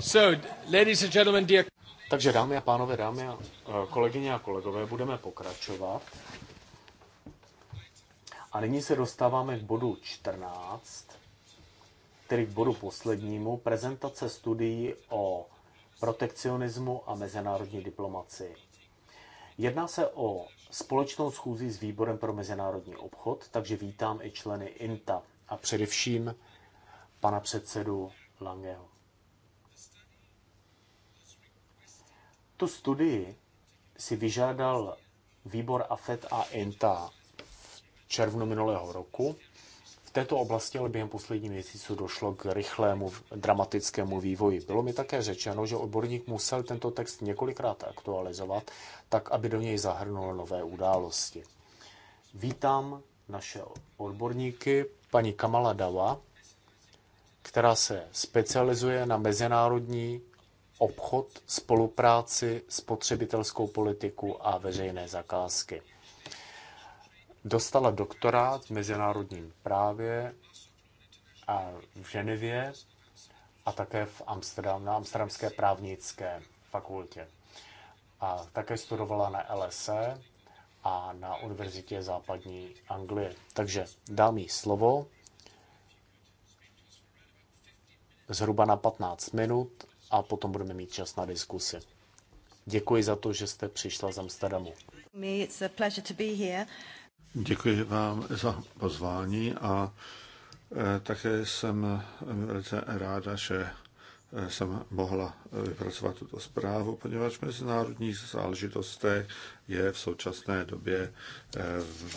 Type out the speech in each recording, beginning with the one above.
So, ladies and gentlemen, dear... Takže dámy a pánové, dámy a eh, kolegyně a kolegové, budeme pokračovat. A nyní se dostáváme k bodu 14, tedy k bodu poslednímu, prezentace studií o protekcionismu a mezinárodní diplomacii. Jedná se o společnou schůzi s Výborem pro mezinárodní obchod, takže vítám i členy INTA a především pana předsedu Langeho. Tu studii si vyžádal výbor AFET a Enta v červnu minulého roku. V této oblasti ale během posledních měsíců došlo k rychlému dramatickému vývoji. Bylo mi také řečeno, že odborník musel tento text několikrát aktualizovat, tak aby do něj zahrnul nové události. Vítám naše odborníky, paní Kamala Dawa, která se specializuje na mezinárodní obchod, spolupráci, spotřebitelskou politiku a veřejné zakázky. Dostala doktorát v mezinárodním právě a v Ženevě a také v Amsterdam, na Amsterdamské právnické fakultě. A také studovala na LSE a na Univerzitě západní Anglie. Takže dám jí slovo zhruba na 15 minut a potom budeme mít čas na diskusi. Děkuji za to, že jste přišla z Amsterdamu. Děkuji vám za pozvání a eh, také jsem eh, velice ráda, že eh, jsem mohla vypracovat tuto zprávu, poněvadž mezinárodní mezinárodních je v současné době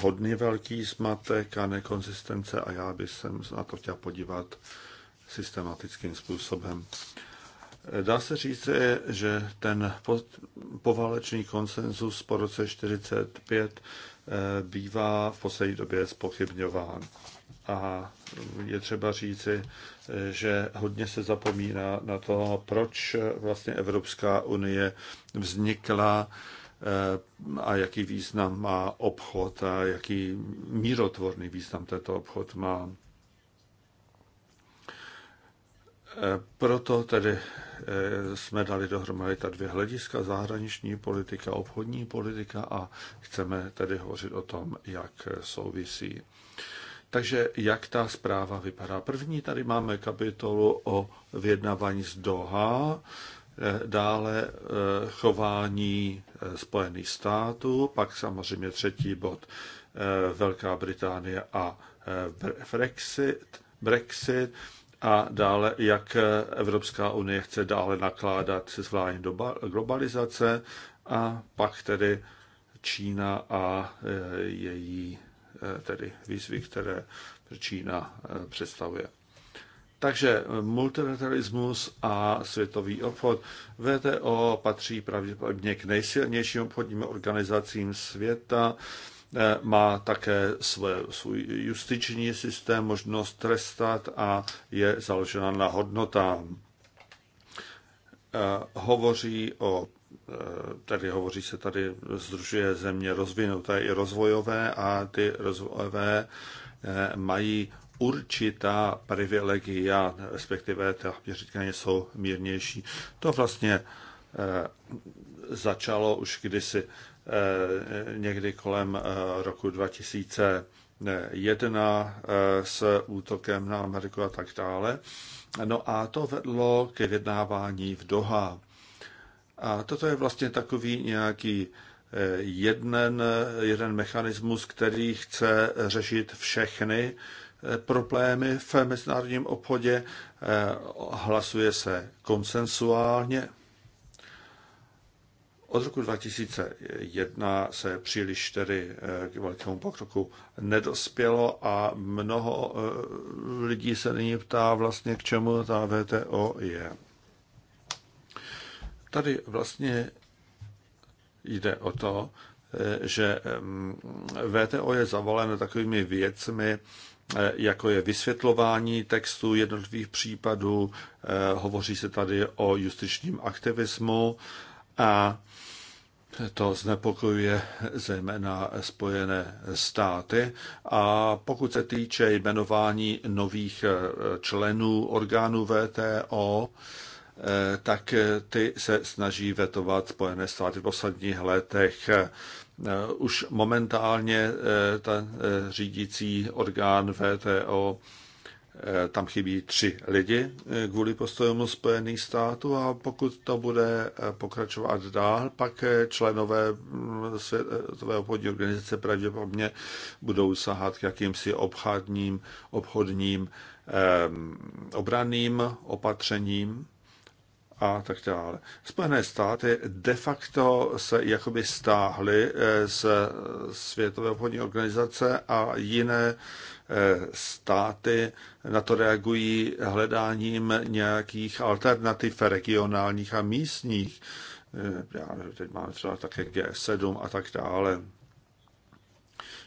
hodně velký zmatek a nekonzistence a já bych se na to chtěla podívat systematickým způsobem. Dá se říct, že ten poválečný konsenzus po roce 45 eh, bývá v poslední době spochybňován. A je třeba říci, eh, že hodně se zapomíná na to, proč vlastně Evropská unie vznikla eh, a jaký význam má obchod a jaký mírotvorný význam tento obchod má. Proto tedy eh, jsme dali dohromady ta dvě hlediska, zahraniční politika, obchodní politika a chceme tedy hovořit o tom, jak souvisí. Takže jak ta zpráva vypadá? První tady máme kapitolu o vyjednávání z Doha, eh, dále eh, chování Spojených států, pak samozřejmě třetí bod Velká Británie a Brexit, Brexit a dále, jak Evropská unie chce dále nakládat se zvláštní globalizace a pak tedy Čína a e, její e, tedy výzvy, které Čína e, představuje. Takže multilateralismus a světový obchod. VTO patří pravděpodobně k nejsilnějším obchodním organizacím světa. Eh, má také své, svůj justiční systém, možnost trestat a je založena na hodnotám. Eh, hovoří o eh, tady hovoří se tady, združuje země rozvinuté i rozvojové a ty rozvojové mají určitá privilegia, respektive ta měřitkany jsou mírnější. To vlastně začalo už kdysi Eh, někdy kolem eh, roku 2001 eh, s útokem na Ameriku a tak dále. No a to vedlo k vyjednávání v Doha. A toto je vlastně takový nějaký jeden, jeden mechanismus, který chce řešit všechny problémy v mezinárodním obchodě. Hlasuje se konsensuálně od roku 2001 se příliš tedy eh, k velkému pokroku nedospělo a mnoho eh, lidí se nyní ptá vlastně, k čemu ta VTO je. Tady vlastně jde o to, eh, že mm, VTO je zavolen takovými věcmi, jako je vysvětlování textu jednotlivých případů, hovoří se tady o justičním aktivismu, a to znepokojuje zejména Spojené státy. A pokud se týče jmenování nových eh, členů orgánů VTO, eh, tak eh, ty se snaží vetovat Spojené státy v posledních letech. Už momentálně ten řídící orgán VTO Eh, tam chybí tři lidi eh, kvůli postojům Spojených států a pokud to bude eh, pokračovat dál, pak členové mm, Světové obchodní organizace pravděpodobně budou sahat k jakýmsi obchodním, obchodním obraným opatřením a tak dále. Spojené státy de facto se jakoby stáhly z Světové obchodní organizace a jiné Eh, státy na to reagují hledáním nějakých alternativ regionálních a místních. Eh, já, teď máme třeba také G7 a tak dále.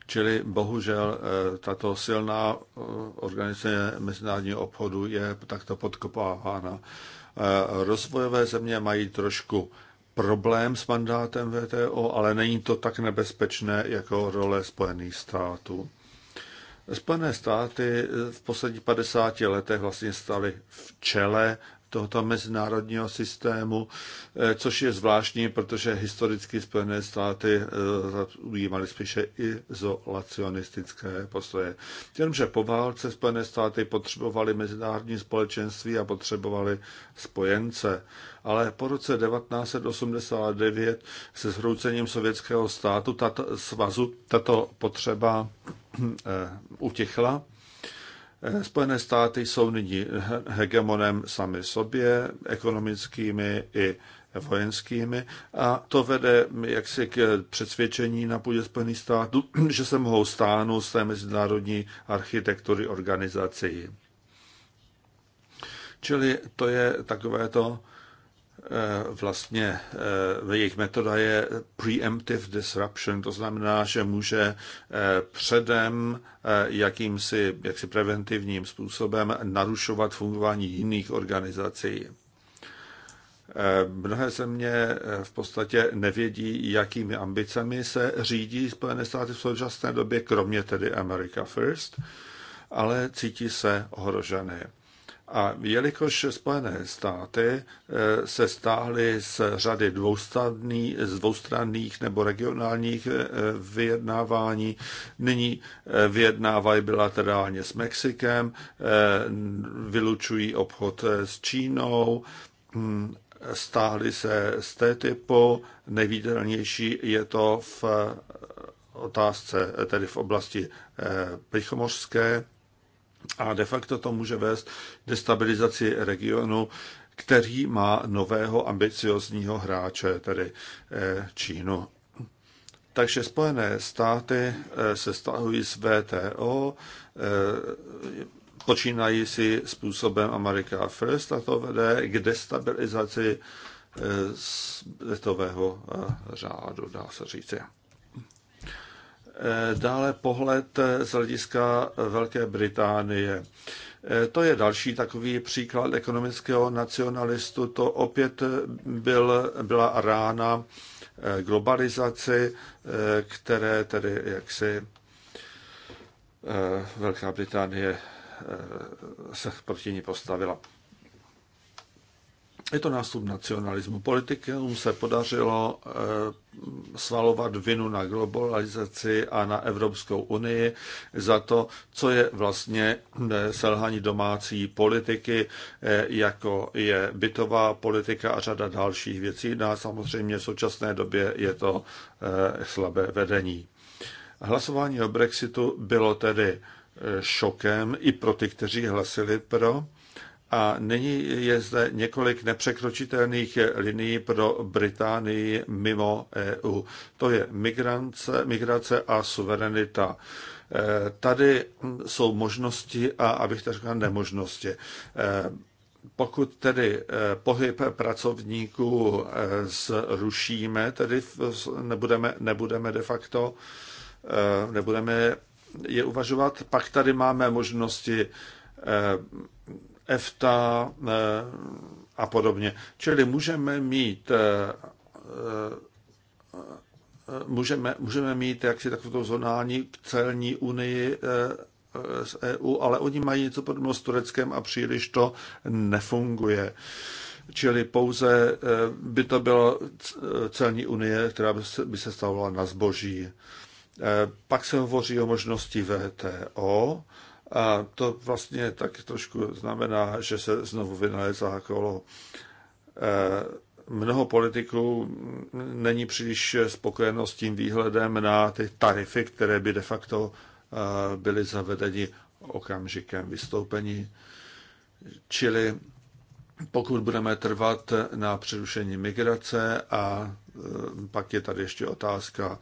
Čili bohužel eh, tato silná organizace mezinárodního obchodu je takto podkopávána. Rozvojové země mají trošku problém s mandátem VTO, ale není to tak nebezpečné jako role Spojených států. Spojené státy v posledních 50 letech vlastně staly v čele tohoto mezinárodního systému, eh, což je zvláštní, protože historicky Spojené státy eh, ujímaly spíše izolacionistické postoje. Jenomže po válce Spojené státy potřebovaly mezinárodní společenství a potřebovaly spojence. Ale po roce 1989 se zhroucením sovětského státu, tato svazu, tato potřeba eh, utichla Eh, Spojené státy jsou nyní hegemonem sami sobě, ekonomickými i vojenskými a to vede jaksi k přesvědčení na půdě Spojených států, že se mohou stáhnout z té mezinárodní architektury organizací. Čili to je takové to Eh, vlastně eh, jejich metoda je preemptive disruption, to znamená, že může eh, předem jakýmsi jaksi preventivním způsobem narušovat fungování jiných organizací. Mnohé země v podstatě nevědí, jakými ambicemi se řídí Spojené státy v současné době, kromě tedy America First, ale cítí se ohrožené. A jelikož Spojené státy eh, se stáhly z řady dvoustranných, z dvoustranných nebo regionálních eh, vyjednávání, nyní eh, vyjednávají bilaterálně s Mexikem, vylučují obchod s Čínou, hm, stáhly se z té typu, nejvýdelnější je to v otázce, tedy v oblasti Plichomořské, a de facto to může vést destabilizaci regionu, který má nového ambiciozního hráče, tedy Čínu. Takže Spojené státy se stahují z VTO, počínají si způsobem America First a to vede k destabilizaci světového řádu, dá se říci. Dále pohled z hlediska Velké Británie. To je další takový příklad ekonomického nacionalistu. To opět byl, byla rána globalizaci, které tedy jaksi eh, Velká Británie eh, se proti ní postavila. Je to nástup nacionalismu. Politikům se podařilo eh, svalovat vinu na globalizaci a na Evropskou unii za to, co je vlastně eh, selhání domácí politiky, eh, jako je bytová politika a řada dalších věcí. No a samozřejmě v současné době je to slabé vedení. Hlasování o Brexitu bylo tedy šokem i pro ty, kteří hlasili pro a nyní je zde několik nepřekročitelných linií pro Británii mimo EU. To je migrance, migrace a suverenita. E, tady jsou možnosti a, abych tak řekl, nemožnosti. E, pokud tedy e, pohyb pracovníků zrušíme, tedy nebudeme, nebudeme de facto, nebudeme je uvažovat, pak tady máme možnosti EFTA eh, a podobně. Čili můžeme mít eh, eh, můžeme, můžeme mít jaksi takovou zonální celní unii z EU, ale oni mají něco podobného s Tureckem a příliš to nefunguje. Čili pouze by to byla celní unie, která by se stavovala na zboží. Pak se hovoří o možnosti VTO, a to vlastně tak trošku znamená, že se znovu vynalézá kolo. E, mnoho politiků není příliš spokojeno s tím výhledem na ty tarify, které by de facto e, byly zavedeny okamžikem vystoupení. Čili pokud budeme trvat na přerušení migrace a e, pak je tady ještě otázka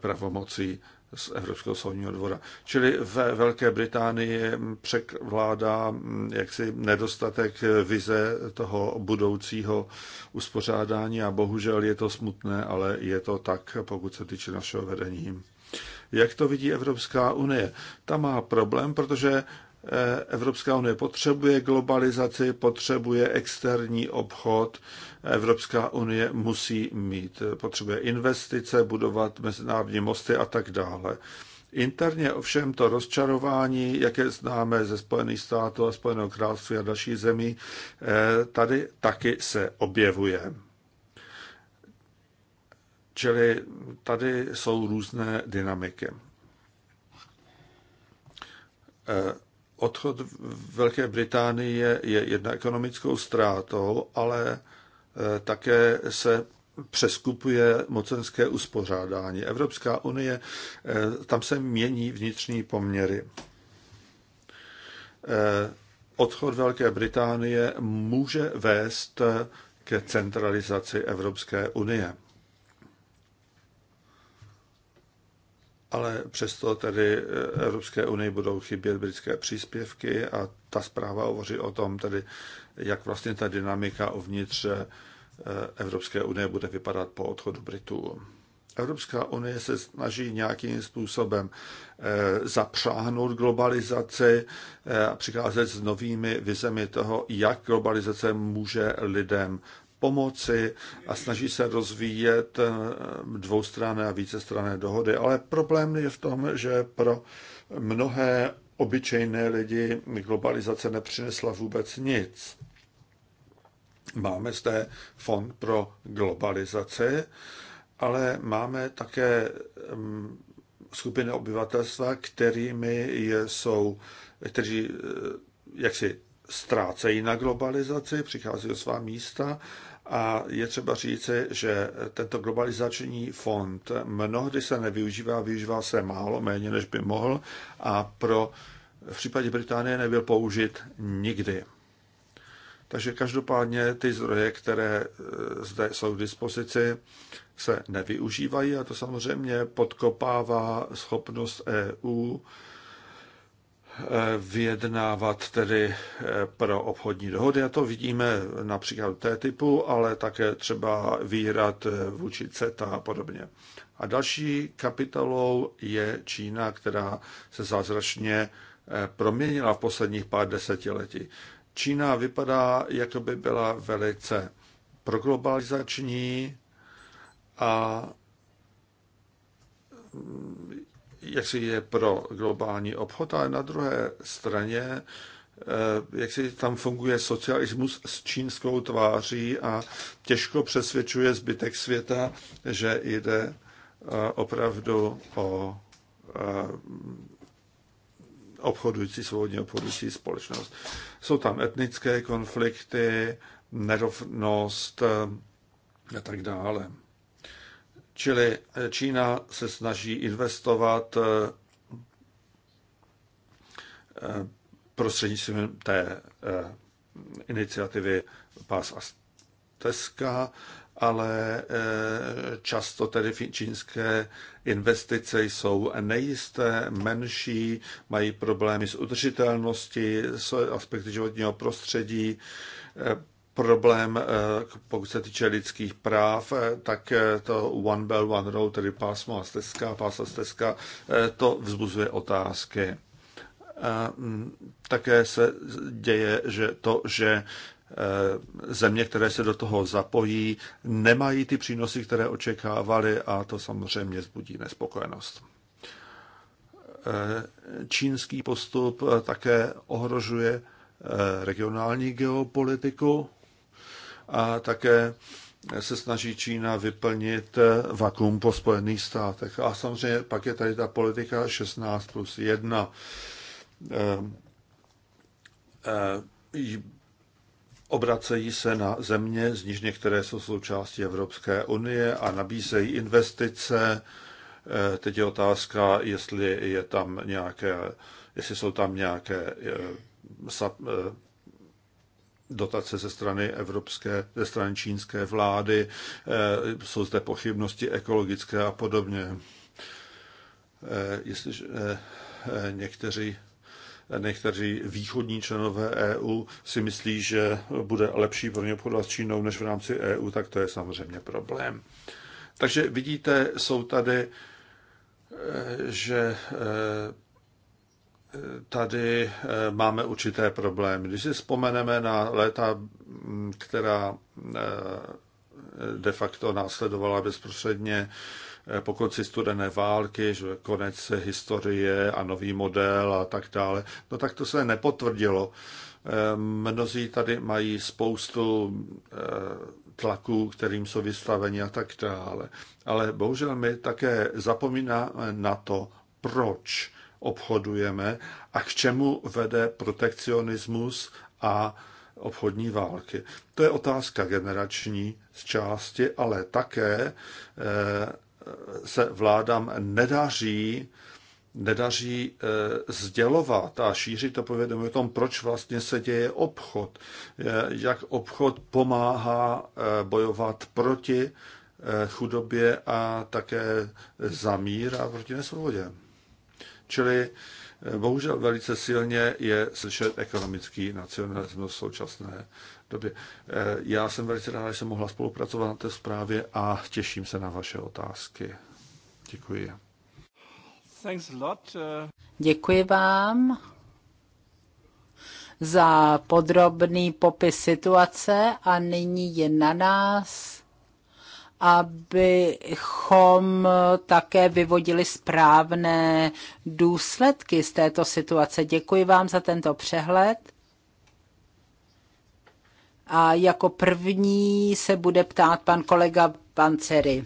pravomocí z Evropského soudního dvora. Čili ve Velké Británii převládá mm, jaksi nedostatek vize toho budoucího uspořádání a bohužel je to smutné, ale je to tak, pokud se týče našeho vedení. Jak to vidí Evropská unie? Ta má problém, protože Evropská unie potřebuje globalizaci, potřebuje externí obchod. Evropská unie musí mít, potřebuje investice, budovat mezinárodní mosty a tak dále. Interně ovšem to rozčarování, jaké známe ze Spojených států a Spojeného království a dalších zemí, eh, tady taky se objevuje. Čili tady jsou různé dynamiky. Eh, odchod Velké Británie je jedna ekonomickou ztrátou, ale e, také se přeskupuje mocenské uspořádání. Evropská unie, e, tam se mění vnitřní poměry. E, odchod Velké Británie může vést ke centralizaci Evropské unie. ale přesto tedy e, Evropské unii budou chybět britské příspěvky a ta zpráva hovoří o tom tedy, jak vlastně ta dynamika uvnitř e, Evropské unie bude vypadat po odchodu Britů. Evropská unie se snaží nějakým způsobem e, zapřáhnout globalizaci a přicházet s novými vizemi toho, jak globalizace může lidem pomoci a snaží se rozvíjet eh, dvoustranné a vícestranné dohody. Ale problém je v tom, že pro mnohé obyčejné lidi globalizace nepřinesla vůbec nic. Máme zde fond pro globalizaci, ale máme také mm, skupiny obyvatelstva, kterými jsou, kteří eh, jaksi ztrácejí na globalizaci, přichází o svá místa a je třeba říci, že tento globalizační fond mnohdy se nevyužívá, využívá se málo, méně než by mohl a pro v případě Británie nebyl použit nikdy. Takže každopádně ty zdroje, které e, zde jsou k dispozici, se nevyužívají a to samozřejmě podkopává schopnost EU vyjednávat tedy eh, pro obchodní dohody. A to vidíme například té typu, ale také třeba výhrad eh, vůči CETA a podobně. A další kapitolou je Čína, která se zázračně eh, proměnila v posledních pár desetiletí. Čína vypadá, jako by byla velice proglobalizační a mm, jak si je pro globální obchod, ale na druhé straně eh, jak si tam funguje socialismus s čínskou tváří a těžko přesvědčuje zbytek světa, že jde eh, opravdu o eh, obchodující, svobodně obchodující společnost. Jsou tam etnické konflikty, nerovnost a tak dále. Čili eh, Čína se snaží investovat eh, eh, prostřednictvím té iniciativy Pás a Teska, ale často tedy čínské investice jsou nejisté, menší, mají problémy s udržitelností, s aspekty životního prostředí, problém, eh, pokud se týče lidských práv, eh, tak eh, to One Bell, One Road, tedy pásmo a stezka, pás a stezka, to vzbuzuje otázky. Mm, také se děje, že to, že země, které se do toho zapojí, nemají ty přínosy, které očekávali a to samozřejmě zbudí nespokojenost. Čínský postup také ohrožuje regionální geopolitiku a také se snaží Čína vyplnit vakuum po Spojených státech. A samozřejmě pak je tady ta politika 16 plus 1. Eh, eh, obracejí se na země, z níž některé jsou součástí Evropské unie a nabízejí investice. Eh, teď je otázka, jestli je tam nějaké, jestli jsou tam nějaké dotace ze strany evropské, ze strany čínské vlády, eh, jsou zde pochybnosti ekologické a podobně. Eh, Jestliže eh, někteří někteří východní členové EU si myslí, že bude lepší pro ně obchodovat s Čínou než v rámci EU, tak to je samozřejmě problém. Takže vidíte, jsou tady, že tady eh, máme určité problémy. Když si vzpomeneme na léta, která eh, de facto následovala bezprostředně eh, po konci studené války, že konec historie a nový model a tak dále, no tak to se nepotvrdilo. Mnozí tady mají spoustu tlaků, kterým jsou vystaveni a tak dále. Ale bohužel my také zapomínáme na to, proč obchodujeme a k čemu vede protekcionismus a obchodní války. To je otázka generační z části, ale také eh, se vládám nedaří nedaří eh, sdělovat a šířit to povědomí o tom, proč vlastně se děje obchod, eh, jak obchod pomáhá bojovat proti chudobě a také zamír a proti nesvobodě. Čili eh, bohužel velice silně je slyšet ekonomický nacionalismus v současné době. Eh, já jsem velice rád, že jsem mohla spolupracovat na té zprávě a těším se na vaše otázky. Děkuji. Eh. Děkuji vám za podrobný popis situace a nyní je na nás, abychom také vyvodili správné důsledky z této situace. Děkuji vám za tento přehled. A jako první se bude ptát pan kolega Pancery.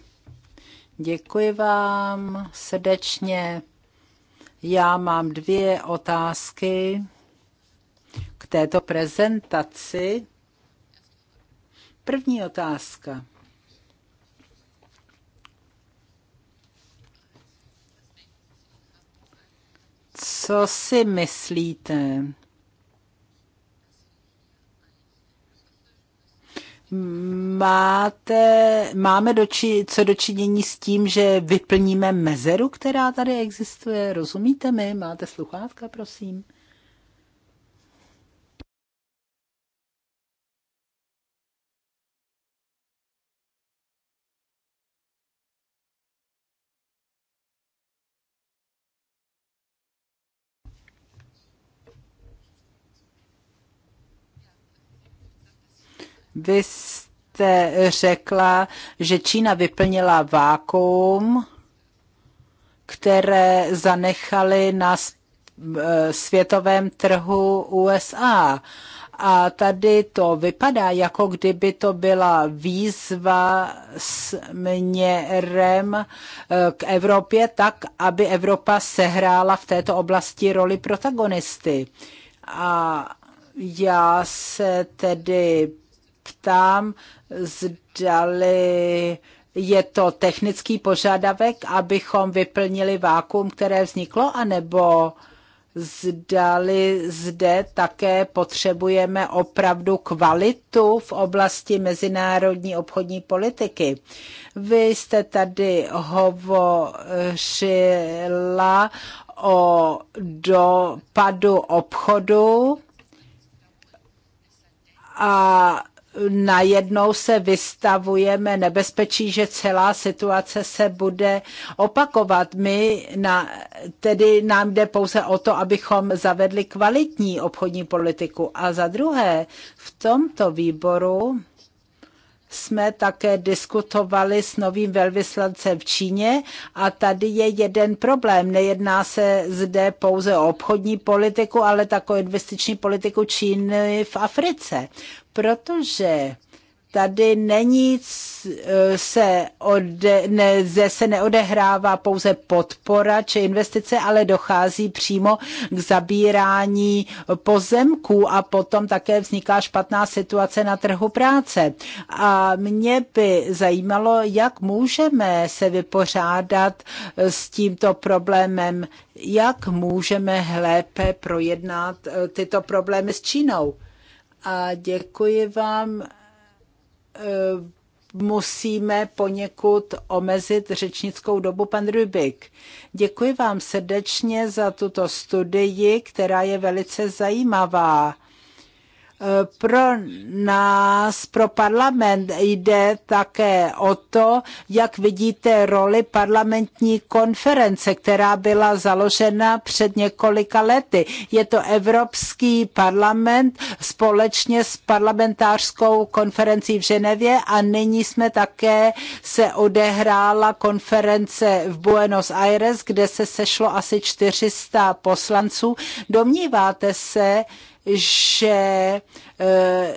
Děkuji vám srdečně. Já mám dvě otázky k této prezentaci. První otázka. Co si myslíte? Máte, máme doči, co dočinění s tím, že vyplníme mezeru, která tady existuje? Rozumíte mi? Máte sluchátka, prosím? Vy jste řekla, že Čína vyplnila vákuum, které zanechali na e, světovém trhu USA. A tady to vypadá, jako kdyby to byla výzva směrem e, k Evropě, tak aby Evropa sehrála v této oblasti roli protagonisty. A já se tedy ptám, zdali je to technický požadavek, abychom vyplnili vákuum, které vzniklo, anebo zdali zde také potřebujeme opravdu kvalitu v oblasti mezinárodní obchodní politiky. Vy jste tady hovořila o dopadu obchodu a najednou se vystavujeme nebezpečí, že celá situace se bude opakovat. My na, tedy nám jde pouze o to, abychom zavedli kvalitní obchodní politiku. A za druhé, v tomto výboru jsme také diskutovali s novým velvyslancem v Číně a tady je jeden problém. Nejedná se zde pouze o obchodní politiku, ale také o investiční politiku Číny v Africe, protože Tady není se, ode, ne, se neodehrává pouze podpora či investice, ale dochází přímo k zabírání pozemků a potom také vzniká špatná situace na trhu práce. A mě by zajímalo, jak můžeme se vypořádat s tímto problémem, jak můžeme lépe projednat eh, tyto problémy s Čínou. A děkuji vám Eh, musíme poněkud omezit řečnickou dobu. Pan Rubik, děkuji vám srdečně za tuto studii, která je velice zajímavá. Pro nás, pro parlament jde také o to, jak vidíte roli parlamentní konference, která byla založena před několika lety. Je to Evropský parlament společně s parlamentářskou konferencí v Ženevě a nyní jsme také se odehrála konference v Buenos Aires, kde se sešlo asi 400 poslanců. Domníváte se, že eh,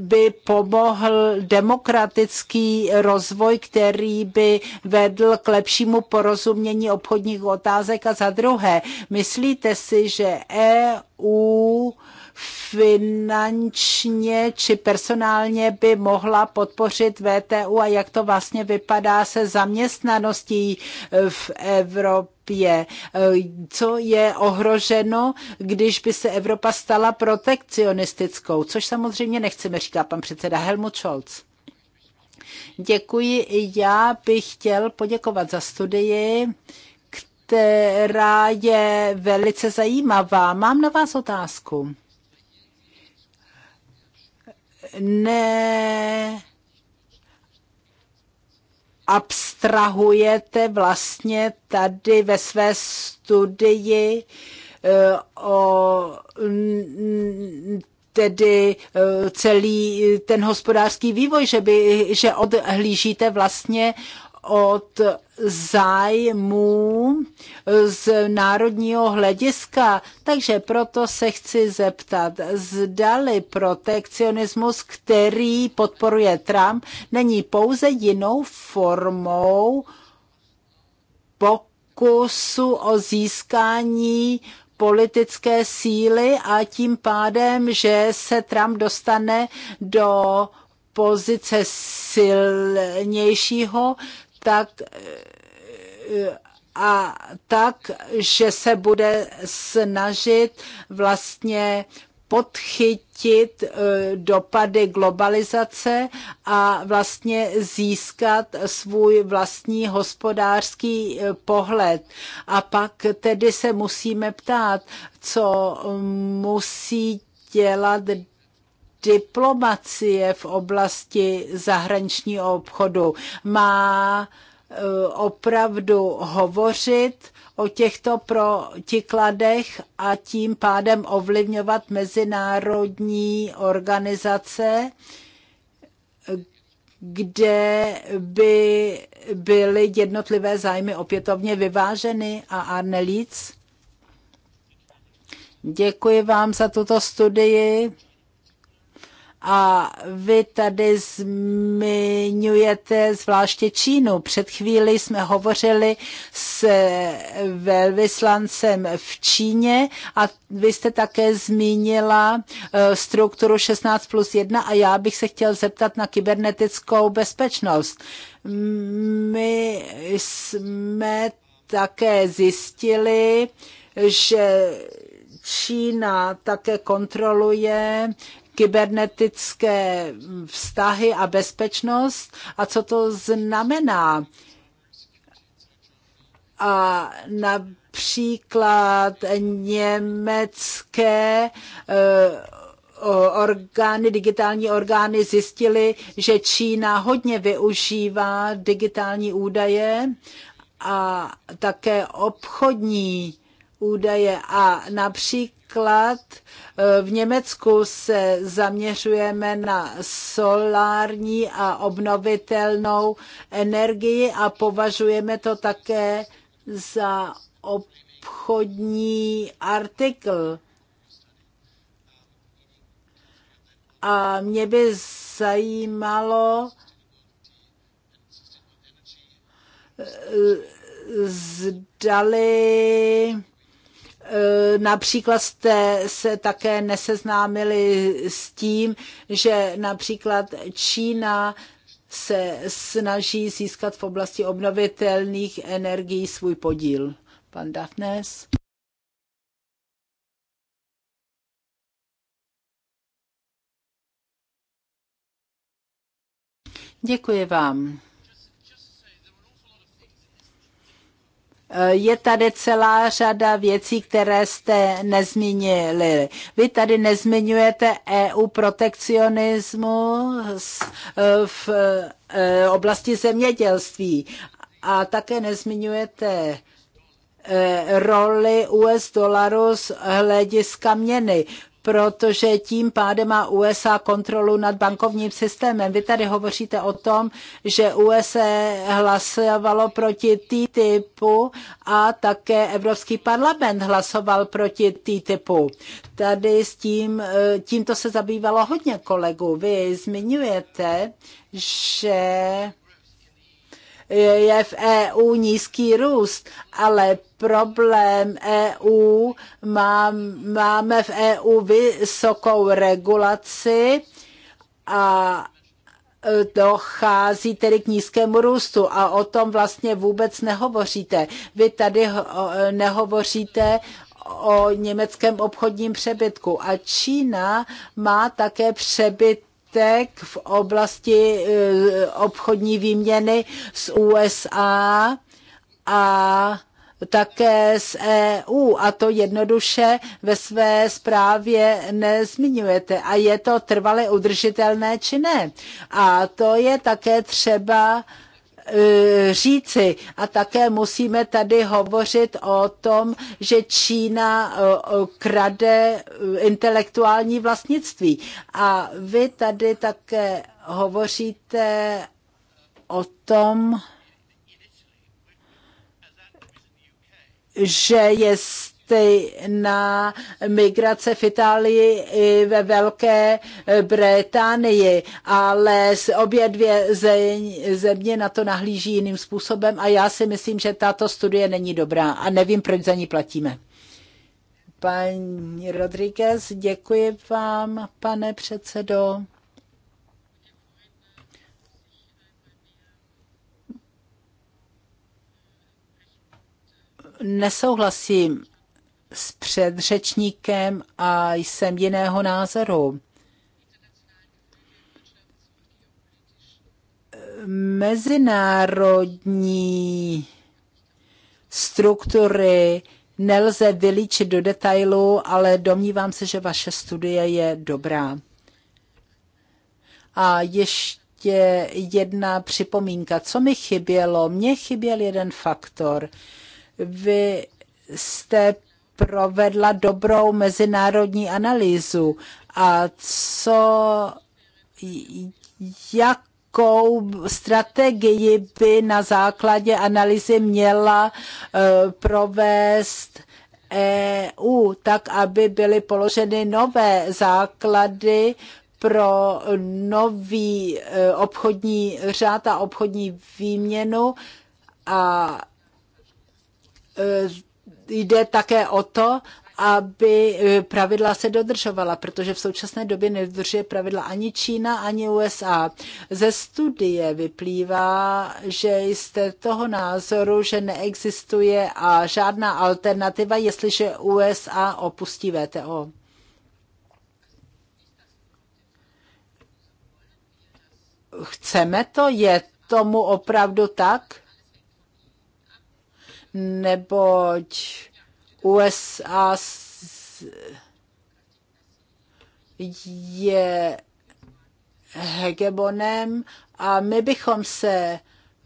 by pomohl demokratický rozvoj, který by vedl k lepšímu porozumění obchodních otázek. A za druhé, myslíte si, že EU finančně či personálně by mohla podpořit VTU a jak to vlastně vypadá se zaměstnaností v Evropě. Co je ohroženo, když by se Evropa stala protekcionistickou, což samozřejmě nechceme, říká pan předseda Helmut Scholz. Děkuji. Já bych chtěl poděkovat za studii, která je velice zajímavá. Mám na vás otázku ne abstrahujete vlastně tady ve své studii eh, o tedy eh, celý ten hospodářský vývoj, že, by, že odhlížíte vlastně od zájmů z národního hlediska. Takže proto se chci zeptat, zdali protekcionismus, který podporuje Trump, není pouze jinou formou pokusu o získání politické síly a tím pádem, že se Trump dostane do pozice silnějšího, tak a tak, že se bude snažit vlastně podchytit e, dopady globalizace a vlastně získat svůj vlastní hospodářský e, pohled. A pak tedy se musíme ptát, co musí dělat diplomacie v oblasti zahraničního obchodu. Má e, opravdu hovořit o těchto protikladech a tím pádem ovlivňovat mezinárodní organizace, kde by byly jednotlivé zájmy opětovně vyváženy a Arne Líc. Děkuji vám za tuto studii. A vy tady zmiňujete zvláště Čínu. Před chvíli jsme hovořili s velvyslancem v Číně a vy jste také zmínila eh, strukturu 16 plus 1 a já bych se chtěl zeptat na kybernetickou bezpečnost. My jsme také zjistili, že Čína také kontroluje kybernetické vztahy a bezpečnost a co to znamená. A například německé eh, orgány, digitální orgány zjistily, že Čína hodně využívá digitální údaje a také obchodní údaje a například e, v Německu se zaměřujeme na solární a obnovitelnou energii a považujeme to také za obchodní artikl. A mě by zajímalo, e, zdali Eh, například jste se také neseznámili s tím, že například Čína se snaží získat v oblasti obnovitelných energií svůj podíl. Pan Daphnes. Děkuji vám. je tady celá řada věcí, které jste nezmínili. Vy tady nezmiňujete EU protekcionismus e, v e, oblasti zemědělství a také nezmiňujete e, roli US dolaru z hlediska měny protože tím pádem má USA kontrolu nad bankovním systémem. Vy tady hovoříte o tom, že USA hlasovalo proti TTIPu a také Evropský parlament hlasoval proti TTIPu. Tady s tím, eh, tímto se zabývalo hodně kolegů. Vy zmiňujete, že je v EU nízký růst, ale problém EU má, máme v EU vysokou regulaci a dochází tedy k nízkému růstu a o tom vlastně vůbec nehovoříte. Vy tady nehovoříte o německém obchodním přebytku a Čína má také přebyt zmatek v oblasti e, obchodní výměny s USA a také z EU a to jednoduše ve své zprávě nezmiňujete. A je to trvale udržitelné či ne? A to je také třeba Eh, říci. A také musíme tady hovořit o tom, že Čína eh, eh, krade intelektuální vlastnictví. A vy tady také hovoříte o tom, že je stejná migrace v Itálii i ve Velké Británii, ale obě dvě země na to nahlíží jiným způsobem a já si myslím, že tato studie není dobrá a nevím, proč za ní platíme. Paní Rodriguez, děkuji vám, pane předsedo. Nesouhlasím s předřečníkem a jsem jiného názoru. Mezinárodní struktury nelze vylíčit do detailu, ale domnívám se, že vaše studie je dobrá. A ještě jedna připomínka. Co mi chybělo? Mně chyběl jeden faktor. Vy jste provedla dobrou mezinárodní analýzu a co, jakou strategii by na základě analýzy měla e, provést EU, tak aby byly položeny nové základy pro nový e, obchodní řád a obchodní výměnu a e, jde také o to, aby eh, pravidla se dodržovala, protože v současné době nedodržuje pravidla ani Čína, ani USA. Ze studie vyplývá, že jste toho názoru, že neexistuje a žádná alternativa, jestliže USA opustí VTO. Chceme to? Je tomu opravdu tak? neboť USA je hegemonem a my bychom se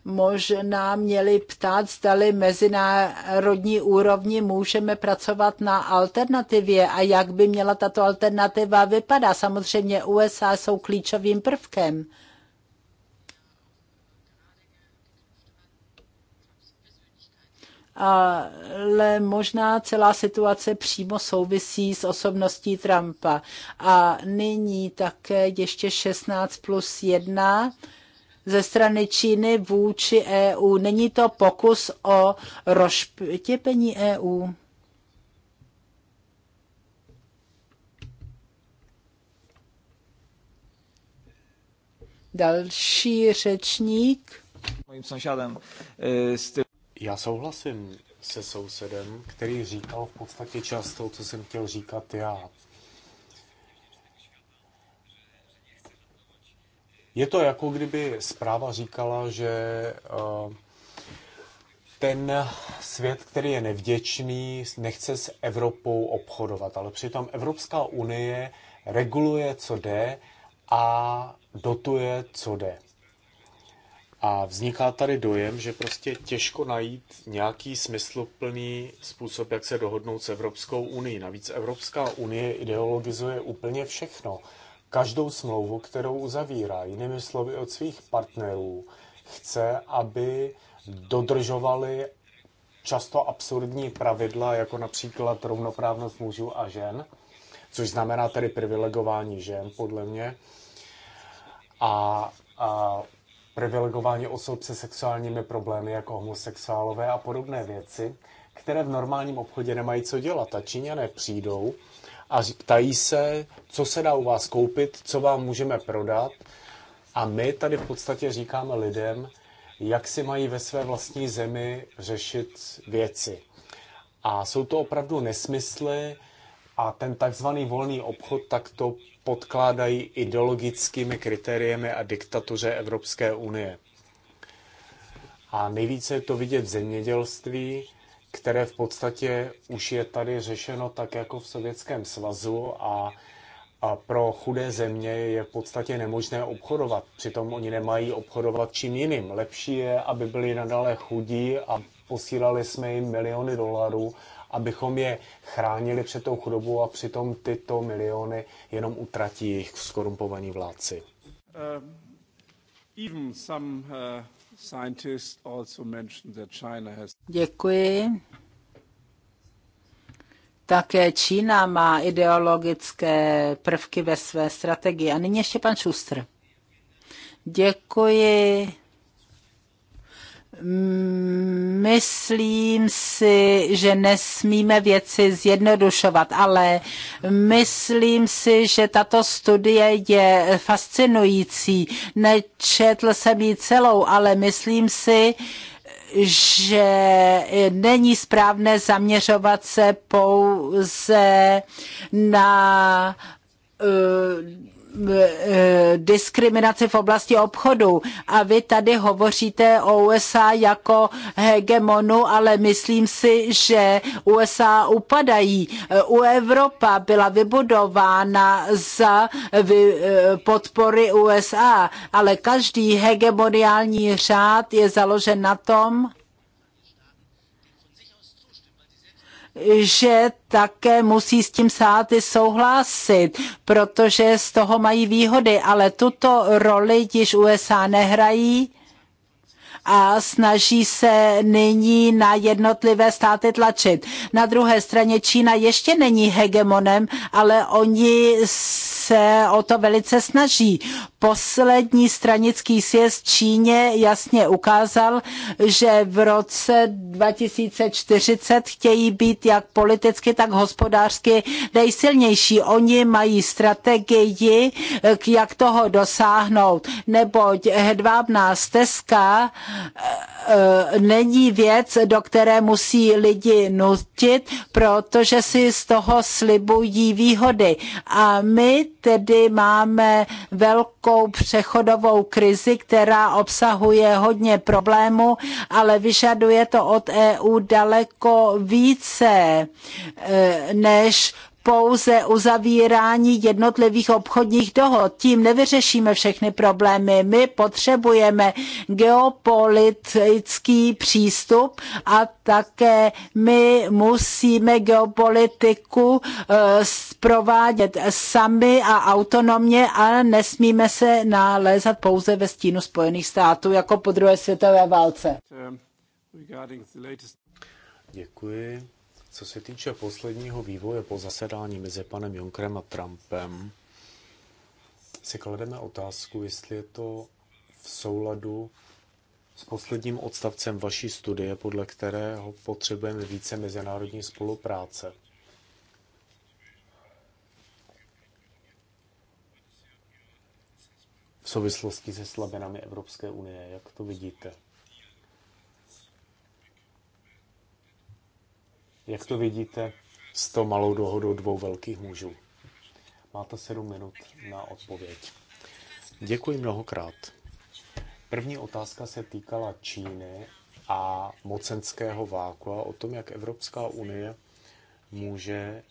možná měli ptát, zdali mezinárodní úrovni můžeme pracovat na alternativě a jak by měla tato alternativa vypadat. Samozřejmě USA jsou klíčovým prvkem. ale možná celá situace přímo souvisí s osobností Trumpa. A nyní také ještě 16 plus 1 ze strany Číny vůči EU. Není to pokus o rozštěpení EU? Další řečník. Mojím sousedem. E, já souhlasím se sousedem, který říkal v podstatě často, co jsem chtěl říkat já. Je to jako kdyby zpráva říkala, že eh, ten svět, který je nevděčný, nechce s Evropou obchodovat, ale přitom Evropská unie reguluje, co jde a dotuje, co jde. A vzniká tady dojem, že prostě těžko najít nějaký smysluplný způsob, jak se dohodnout s Evropskou unii. Navíc Evropská unie ideologizuje úplně všechno. Každou smlouvu, kterou uzavírá, jinými slovy od svých partnerů, chce, aby dodržovali často absurdní pravidla, jako například rovnoprávnost mužů a žen, což znamená tedy privilegování žen, podle mě. A, a privilegování osob se sexuálními problémy jako homosexuálové a podobné věci, které v normálním obchodě nemají co dělat. A Číňané přijdou a ptají se, co se dá u vás koupit, co vám můžeme prodat. A my tady v podstatě říkáme lidem, jak si mají ve své vlastní zemi řešit věci. A jsou to opravdu nesmysly a ten takzvaný volný obchod tak to podkládají ideologickými kritériemi a diktatuře Evropské unie. A nejvíce je to vidět v zemědělství, které v podstatě už je tady řešeno tak jako v Sovětském svazu a, a pro chudé země je v podstatě nemožné obchodovat. Přitom oni nemají obchodovat čím jiným. Lepší je, aby byli nadále chudí a posílali jsme jim miliony dolarů, abychom je chránili před tou chudobou a přitom tyto miliony jenom utratí jejich skorumpovaní vládci. Uh, uh, Děkuji. Také Čína má ideologické prvky ve své strategii. A nyní ještě pan Šustr. Děkuji Myslím si, že nesmíme věci zjednodušovat, ale myslím si, že tato studie je fascinující. Nečetl jsem ji celou, ale myslím si, že není správné zaměřovat se pouze na uh, Eh, diskriminaci v oblasti obchodu. A vy tady hovoříte o USA jako hegemonu, ale myslím si, že USA upadají. U Evropa byla vybudována za eh, podpory USA, ale každý hegemoniální řád je založen na tom, že také musí s tím státy souhlasit, protože z toho mají výhody, ale tuto roli již USA nehrají a snaží se nyní na jednotlivé státy tlačit. Na druhé straně Čína ještě není hegemonem, ale oni se o to velice snaží. Poslední stranický sjezd Číně jasně ukázal, že v roce 2040 chtějí být jak politicky, tak hospodářsky nejsilnější. Oni mají strategii, eh, jak toho dosáhnout, neboť hedvábná stezka Eh, eh, není věc, do které musí lidi nutit, protože si z toho slibují výhody. A my tedy máme velkou přechodovou krizi, která obsahuje hodně problémů, ale vyžaduje to od EU daleko více eh, než pouze uzavírání jednotlivých obchodních dohod. Tím nevyřešíme všechny problémy. My potřebujeme geopolitický přístup a také my musíme geopolitiku eh, provádět sami a autonomně a nesmíme se nalézat pouze ve stínu Spojených států jako po druhé světové válce. Um, Děkuji. Co se týče posledního vývoje po zasedání mezi panem Junkrem a Trumpem, si klademe otázku, jestli je to v souladu s posledním odstavcem vaší studie, podle kterého potřebujeme více mezinárodní spolupráce. V souvislosti se slabinami Evropské unie, jak to vidíte? Jak to vidíte s tou malou dohodou dvou velkých mužů? Máte sedm minut na odpověď. Děkuji mnohokrát. První otázka se týkala Číny a mocenského váku a o tom, jak Evropská unie může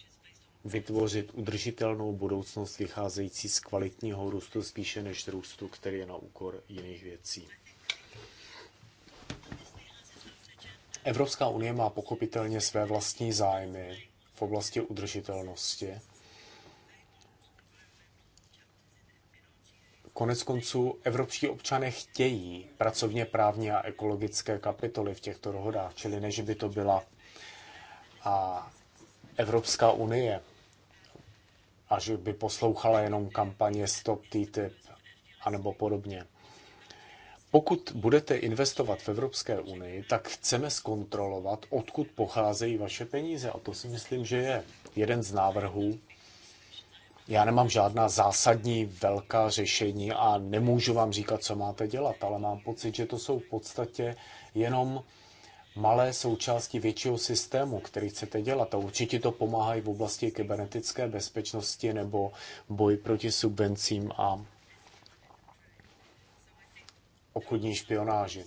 vytvořit udržitelnou budoucnost vycházející z kvalitního růstu spíše než růstu, který je na úkor jiných věcí. Evropská unie má pochopitelně své vlastní zájmy v oblasti udržitelnosti. Konec konců evropští občané chtějí pracovně právní a ekologické kapitoly v těchto dohodách, čili než by to byla a Evropská unie a že by poslouchala jenom kampaně Stop TTIP anebo podobně. Pokud budete investovat v Evropské unii, tak chceme zkontrolovat, odkud pocházejí vaše peníze. A to si myslím, že je jeden z návrhů. Já nemám žádná zásadní velká řešení a nemůžu vám říkat, co máte dělat, ale mám pocit, že to jsou v podstatě jenom malé součásti většího systému, který chcete dělat. A určitě to pomáhají v oblasti kybernetické bezpečnosti nebo boj proti subvencím a obchodní špionáži.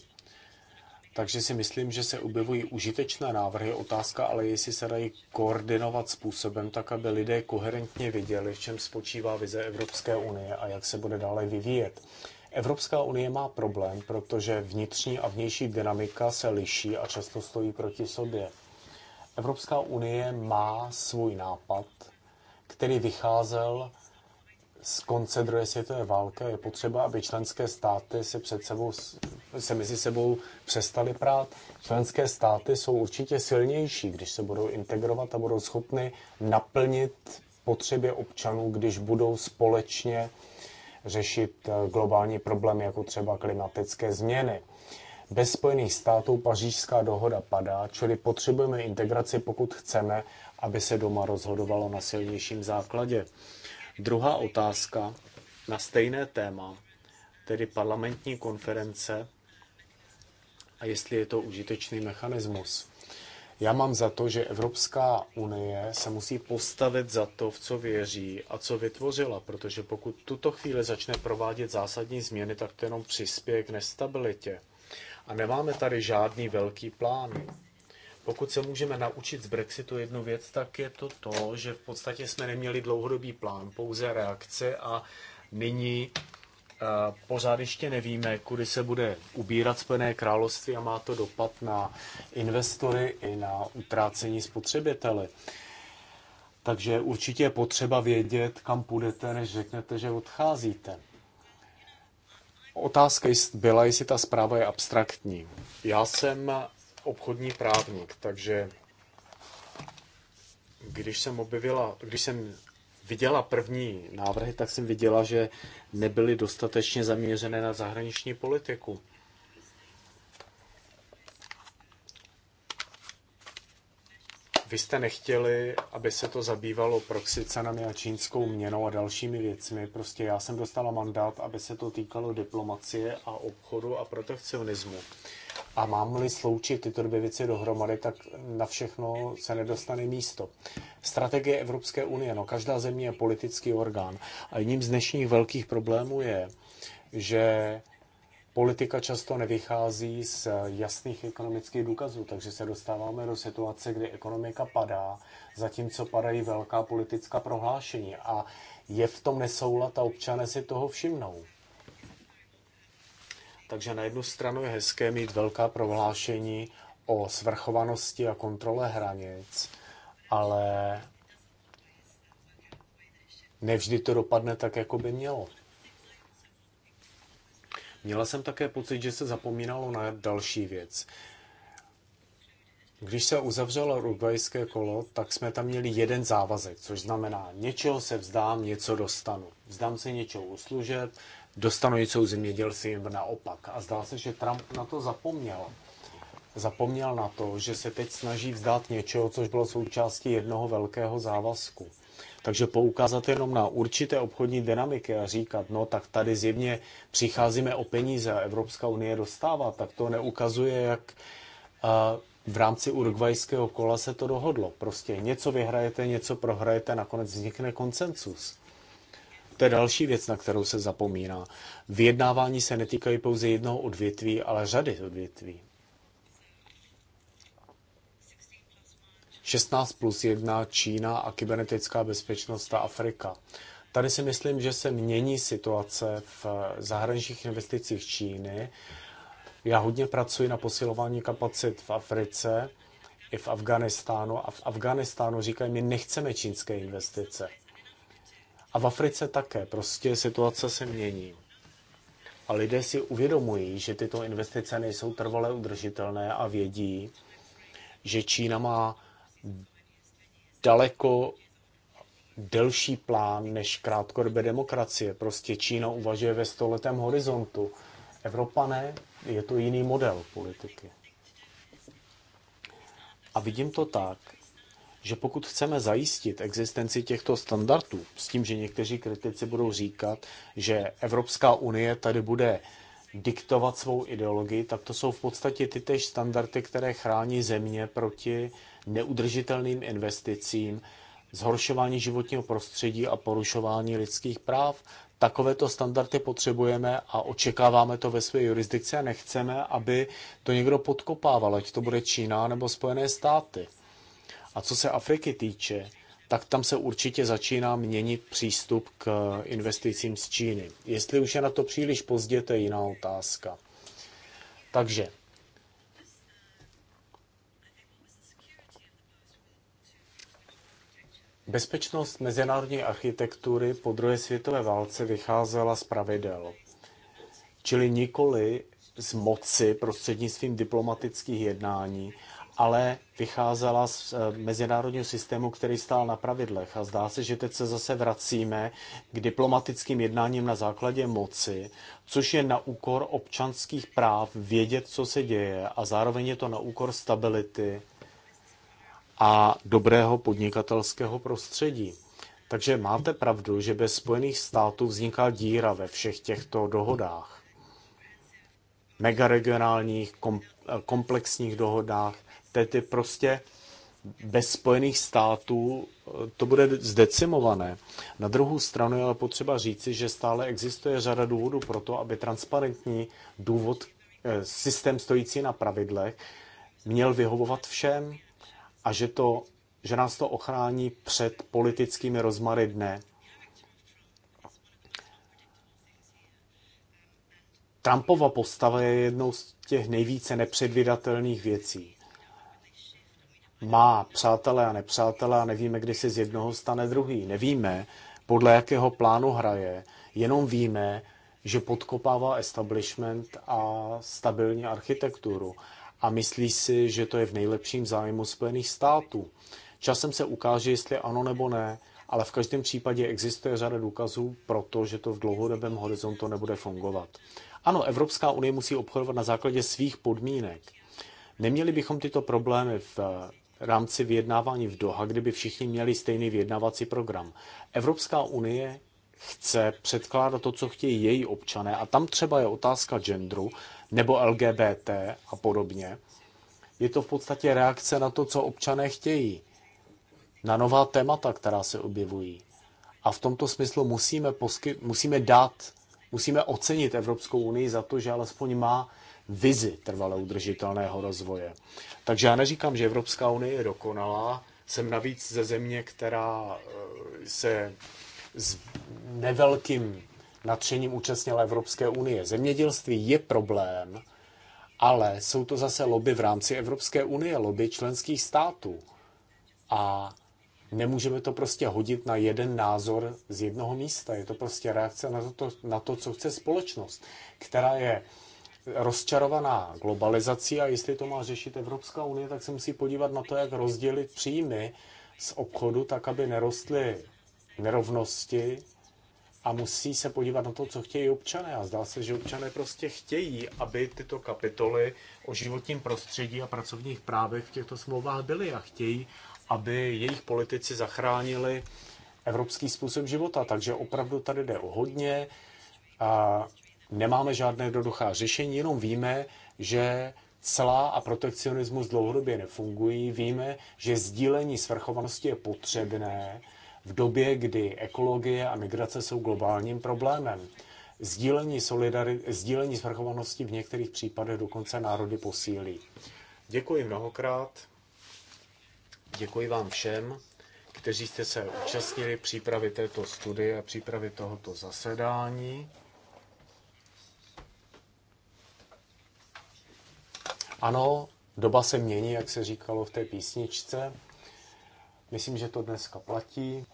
Takže si myslím, že se objevují užitečné návrhy. Otázka ale, jestli se dají koordinovat způsobem, tak aby lidé koherentně viděli, v čem spočívá vize Evropské unie a jak se bude dále vyvíjet. Evropská unie má problém, protože vnitřní a vnější dynamika se liší a často stojí proti sobě. Evropská unie má svůj nápad, který vycházel z konce druhé světové války je potřeba, aby členské státy se, před sebou, se mezi sebou přestali prát. Členské státy jsou určitě silnější, když se budou integrovat a budou schopny naplnit potřeby občanů, když budou společně řešit eh, globální problémy, jako třeba klimatické změny. Bez Spojených států pařížská dohoda padá, čili potřebujeme integraci, pokud chceme, aby se doma rozhodovalo na silnějším základě. Druhá otázka na stejné téma, tedy parlamentní konference a jestli je to užitečný mechanismus. Já mám za to, že Evropská unie se musí postavit za to, v co věří a co vytvořila, protože pokud tuto chvíli začne provádět zásadní změny, tak to jenom přispěje k nestabilitě. A nemáme tady žádný velký plán. Pokud se můžeme naučit z Brexitu jednu věc, tak je to to, že v podstatě jsme neměli dlouhodobý plán, pouze reakce a nyní eh, pořád ještě nevíme, kudy se bude ubírat Spojené království a má to dopad na investory i na utrácení spotřebitele. Takže určitě je potřeba vědět, kam půjdete, než řeknete, že odcházíte. Otázka byla, jestli ta zpráva je abstraktní. Já jsem obchodní právník, takže když jsem objevila, když jsem viděla první návrhy, tak jsem viděla, že nebyly dostatečně zaměřené na zahraniční politiku. Vy jste nechtěli, aby se to zabývalo proxy cenami a čínskou měnou a dalšími věcmi. Prostě já jsem dostala mandát, aby se to týkalo diplomacie a obchodu a protekcionismu. A mám-li sloučit tyto dvě věci dohromady, tak na všechno se nedostane místo. Strategie Evropské unie, no každá země je politický orgán. A jedním z dnešních velkých problémů je, že politika často nevychází z jasných ekonomických důkazů, takže se dostáváme do situace, kdy ekonomika padá, zatímco padají velká politická prohlášení. A je v tom nesoulad a občané si toho všimnou. Takže na jednu stranu je hezké mít velká prohlášení o svrchovanosti a kontrole hranic, ale nevždy to dopadne tak, jako by mělo. Měla jsem také pocit, že se zapomínalo na další věc. Když se uzavřelo urugvajské kolo, tak jsme tam měli jeden závazek, což znamená, něčeho se vzdám, něco dostanu. Vzdám se něčeho u služeb, dostanou něco zemědělci nebo naopak. A zdá se, že Trump na to zapomněl. Zapomněl na to, že se teď snaží vzdát něčeho, což bylo součástí jednoho velkého závazku. Takže poukázat jenom na určité obchodní dynamiky a říkat, no tak tady zjevně přicházíme o peníze a Evropská unie dostává, tak to neukazuje, jak v rámci urugvajského kola se to dohodlo. Prostě něco vyhrajete, něco prohrajete, nakonec vznikne koncensus. To je další věc, na kterou se zapomíná. Vyjednávání se netýkají pouze jednoho odvětví, ale řady odvětví. 16 plus 1 Čína a kybernetická bezpečnost a Afrika. Tady si myslím, že se mění situace v zahraničních investicích Číny. Já hodně pracuji na posilování kapacit v Africe i v Afganistánu. A v Afganistánu říkají, my nechceme čínské investice. A v Africe také. Prostě situace se mění. A lidé si uvědomují, že tyto investice nejsou trvale udržitelné a vědí, že Čína má daleko delší plán než krátkodobé demokracie. Prostě Čína uvažuje ve stoletém horizontu. Evropa ne, je to jiný model politiky. A vidím to tak, že pokud chceme zajistit existenci těchto standardů, s tím, že někteří kritici budou říkat, že Evropská unie tady bude diktovat svou ideologii, tak to jsou v podstatě ty tež standardy, které chrání země proti neudržitelným investicím, zhoršování životního prostředí a porušování lidských práv. Takovéto standardy potřebujeme a očekáváme to ve své jurisdikci a nechceme, aby to někdo podkopával, ať to bude Čína nebo Spojené státy. A co se Afriky týče, tak tam se určitě začíná měnit přístup k investicím z Číny. Jestli už je na to příliš pozdě, to je jiná otázka. Takže Bezpečnost mezinárodní architektury po druhé světové válce vycházela z pravidel, čili nikoli z moci prostřednictvím diplomatických jednání, ale vycházela z eh, mezinárodního systému, který stál na pravidlech. A zdá se, že teď se zase vracíme k diplomatickým jednáním na základě moci, což je na úkor občanských práv vědět, co se děje, a zároveň je to na úkor stability a dobrého podnikatelského prostředí. Takže máte pravdu, že bez Spojených států vzniká díra ve všech těchto dohodách. Megaregionálních, eh, komplexních dohodách, je prostě bez Spojených států to bude zdecimované. Na druhou stranu je ale potřeba říci, že stále existuje řada důvodů pro to, aby transparentní důvod, eh, systém stojící na pravidlech, měl vyhovovat všem a že, to, že nás to ochrání před politickými rozmary dne. Trumpova postava je jednou z těch nejvíce nepředvydatelných věcí má přátelé a nepřátelé a nevíme, kdy se z jednoho stane druhý. Nevíme, podle jakého plánu hraje, jenom víme, že podkopává establishment a stabilní architekturu a myslí si, že to je v nejlepším zájmu Spojených států. Časem se ukáže, jestli ano nebo ne, ale v každém případě existuje řada důkazů pro to, že to v dlouhodobém horizontu nebude fungovat. Ano, Evropská unie musí obchodovat na základě svých podmínek. Neměli bychom tyto problémy v rámci vyjednávání v Doha, kdyby všichni měli stejný vyjednávací program. Evropská unie chce předkládat to, co chtějí její občané, a tam třeba je otázka genderu nebo LGBT a podobně. Je to v podstatě reakce na to, co občané chtějí, na nová témata, která se objevují. A v tomto smyslu musíme, posky, musíme dát, musíme ocenit Evropskou unii za to, že alespoň má vizi trvale udržitelného rozvoje. Takže já neříkám, že Evropská unie je dokonalá, jsem navíc ze země, která eh, se s nevelkým nadšením účastnila Evropské unie. Zemědělství je problém, ale jsou to zase lobby v rámci Evropské unie, lobby členských států. A nemůžeme to prostě hodit na jeden názor z jednoho místa. Je to prostě reakce na to, na to co chce společnost, která je rozčarovaná globalizací a jestli to má řešit Evropská unie, tak se musí podívat na to, jak rozdělit příjmy z obchodu, tak aby nerostly nerovnosti a musí se podívat na to, co chtějí občané. A zdá se, že občané prostě chtějí, aby tyto kapitoly o životním prostředí a pracovních právech v těchto smlouvách byly a chtějí, aby jejich politici zachránili evropský způsob života. Takže opravdu tady jde o hodně. A nemáme žádné jednoduchá řešení, jenom víme, že celá a protekcionismus dlouhodobě nefungují. Víme, že sdílení svrchovanosti je potřebné v době, kdy ekologie a migrace jsou globálním problémem. Sdílení, solidari- sdílení svrchovanosti v některých případech dokonce národy posílí. Děkuji mnohokrát. Děkuji vám všem, kteří jste se účastnili přípravy této studie a přípravy tohoto zasedání. Ano, doba se mění, jak se říkalo v té písničce. Myslím, že to dneska platí.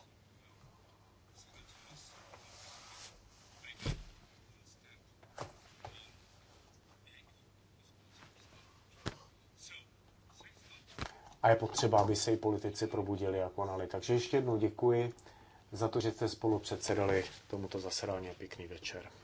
a je potřeba, aby se i politici probudili a konali. Takže ještě jednou děkuji za to, že jste spolu předsedali tomuto zasedání. Pěkný večer.